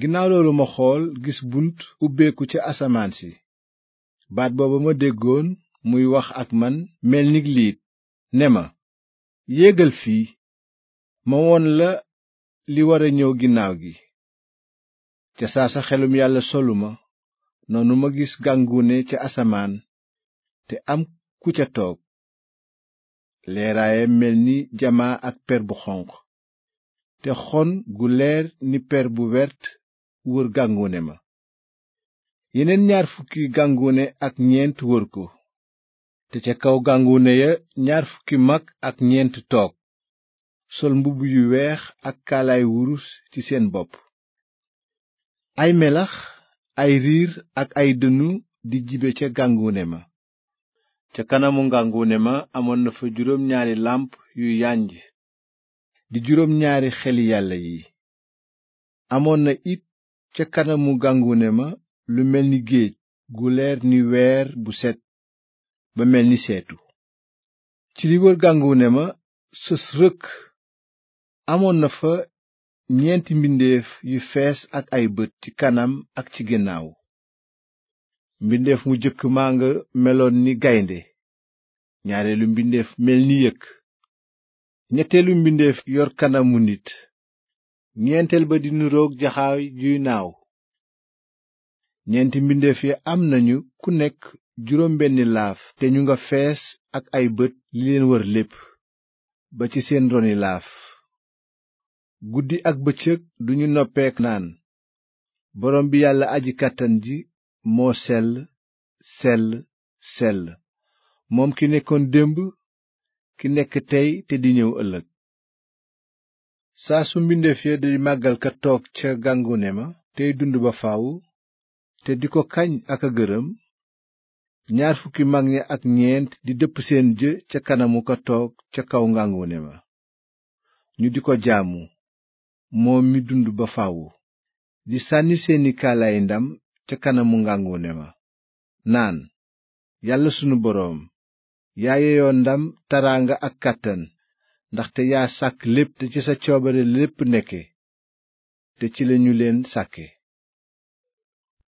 ginnaaw loolu ma xool gis bunt ubbeeku ca asamaan si baat booba ma déggoon muy wax ak man mel ni liit ne ma yéegal fii ma won la li wara ñëw ginnaaw gi ca saa sa xelum yàlla solu ma noonu ma gis gàngune ca asamaan te am ku ca toog leeraayam mel ni jamaa ak per bu xonq te xon gu leer ni per bu wert wër gàngoone ma yeneen ñaar fukki gàngoone ak ñeent wër ko te ca kaw gàngoone ya ñaar fukki mag ak ñeent toog sol mbubb yu weex ak kalaay wurus ci seen bopp ay melax ay riir ak ay dënnu di jibe ca gàngoone ma ca kanamu gàngoone ma amoon na fa juróom ñaari làmp yu yànj di juróom ñaari xeli yàlla yi amoon na it ca kanamu gàngune ma lu mel ni géej gu leer ni weer bu set ba mel ni seetu ci li wër gàngune ma sës rëkk amoon na fa ñeenti mbindeef yu fees ak ay bët ci kanam ak ci ginnaaw mbindeef mu jëkk maa nga meloon ni gaynde ñaareelu mbindeef mel ni yëkk ñetteelu mbindeef yor kanamu nit ñeenteel ba di niroog jaxaay juy naaw ñeenti mbindéef yi am nañu ku nekk juróom benni laaf te ñu nga fees ak ay bët li leen wër lépp ba ci seen roni laaf guddi ak bëccëg duñu noppeek naan borom bi yàlla aji kàttan ji moo sell sell sell moom ki nekkoon démb ki nekk tey te di ñëw saa su mbindeef ya di màggal ka toog ca gàngune ma tey dund ba faw te di ko kañ ak a gërëm ñaar fukki mag ña ak ñeent di dëpp seen jë ca kanamu ka toog ca kaw ngàngune ma ñu di ko jaamu moom mi dund ba faw di sànni seeni kaalaay ndam ca kanamu ngàngune ma naan yàlla sunu boroom yaa yeyoo ndam teraanga ak kàttan ndaxte yaa sàkk lépp te ci sa coobare lépp nekke te ci lañu leen sàkke